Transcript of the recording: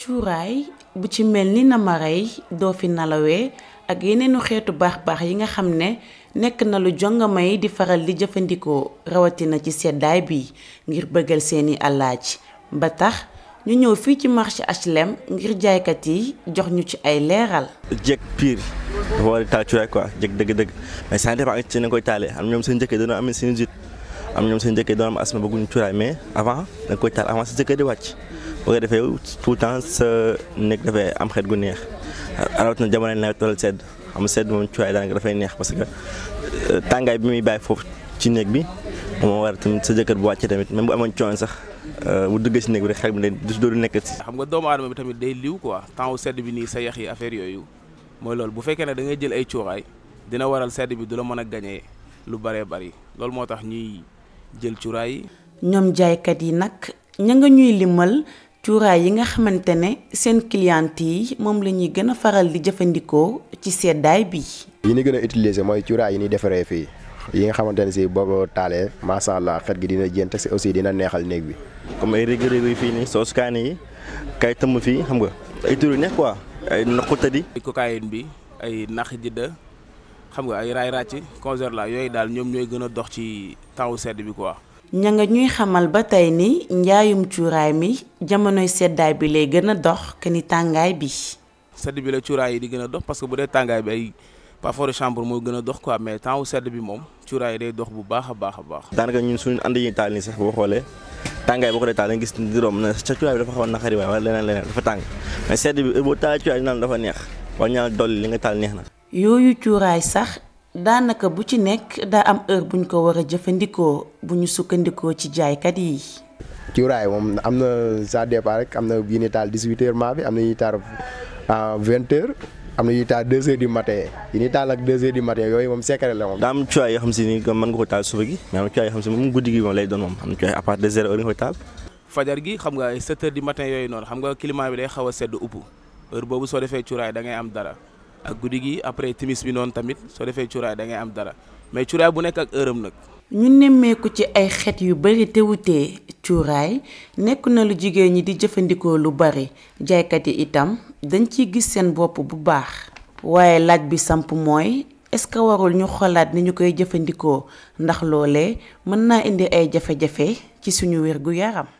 cuuraay bu ci mel ni namarey doo fi nalawee ak yeneenu xeetu baax-baax yi nga xam ne nekk na lu jongama yi di faral di jëfandikoo rawatina ci seddaay bi ngir bëggal seeni àllaaji ba tax ñu ñëw fii ci marché HLM ngir jaaykat yi jox ñu ci ay leeral. jég pire dafa war a taal cuuraay quoi jég dëgg-dëgg mais ça dépend ci na koy taalee am ñoom seen njëkk dana amee sinusite am ñom seen jëkke doom asma bëggu ñu cuuraay mais avant da koy taal avant sa jëkke di wàcc boo ko defee tout temps sa nekk dafay am xet gu neex alors na jamono nawet wala sedd am sedd moom cuuraay daanaka dafay neex parce que tàngaay bi muy bàyyi foofu ci néeg bi moo war tamit sa jëkkër bu wàccee tamit même bu amoon coono sax bu dëggee si néeg bi rek xel bi day du doodu nekk si xam nga doomu aadama bi tamit day liw quoi temps wu sedd bi nii sa yax yi affaire yooyu mooy loolu bu fekkee ne da ngay jël ay cuuraay dina waral sedd bi du la mën a gañee lu bare bëri loolu moo tax ñuy jël cuuraay yi. ñoom jaaykat yi nag ña nga ñuy limal cuuraay yi nga xamante ne seen client yi moom la ñuy gën a faral di jëfandikoo ci seddaay bi. yi ñu gën a utiliser mooy cuuraay yi ñuy defaree fii yi nga xamante ne si boo ko taalee macha allah xet gi dina jéem si aussi dina neexal néeg bi. comme ay rëgg-rëgg yi fii nii soosu kaane yi kay tëmm fii xam nga ay tur yu ay naqutadi. ay cocaïne bi ay nax jidda xam nga ay ray ratti concert la yoy dal ñom ñoy gëna dox ci taw sedd bi quoi ña nga ñuy xamal ba tay ni ciuray mi jamono seddaay bi lay gëna dox ke ni tangay bi sedd bi la ciuray di gëna dox parce que bu dé tangay bi ay fort chambre moo gëna dox quoi mais taw sedd bi mom ciuray day dox bu baaxa a baax Dan baax ñun suñu ànd yi ni sax bo xolé tangay bu ko dee taal gis ni dirom na ci ciuray bi dafa xawon a wala leneen leneen dafa tang mais sedd bi bu taal ciuray nan dafa neex wa ñal doli li nga tal neex na yooyu cuuraay sax daanaka bu ci nekk daa am heure buñ ko war a jëfandikoo bu ñu sukkandikoo ci jaaykat yi. cuuraay moom am na sa dépend rek am na yu ñuy taal 18 heures bi am na ñuy taal à 20 heures am na ñuy taal 2 heures du matin yi ñuy taal ak 2 heures du matin yooyu moom secret la moom. daa am cuuraay yoo xam si ni mën nga ko taal suba gi mais am cuuraay yoo xam si moom guddi gi moom lay doon moom am cuuraay à part de heure nga koy taal. fajar gi xam nga ay 7 heures matin yooyu noonu xam nga climat bi day xaw a sedd upp boobu soo defee cuuraay da ngay am dara. ak guddi gi après timis bi noonu tamit soo defee cuuraay da ngay am dara mais cuuraay bu nekk ak ërëm nag. ñu nemmeeku ci ay xeet yu bari te wutee cuuraay nekk na lu jigéen ñi di jëfandikoo lu bari jaaykat yi itam dañ ci gis seen bopp bu baax. waaye laaj bi samp mooy est-ce que warul ñu xolaat ni ñu koy jëfandikoo ndax loole mën naa indi ay jafe-jafe ci suñu wér gu yaram.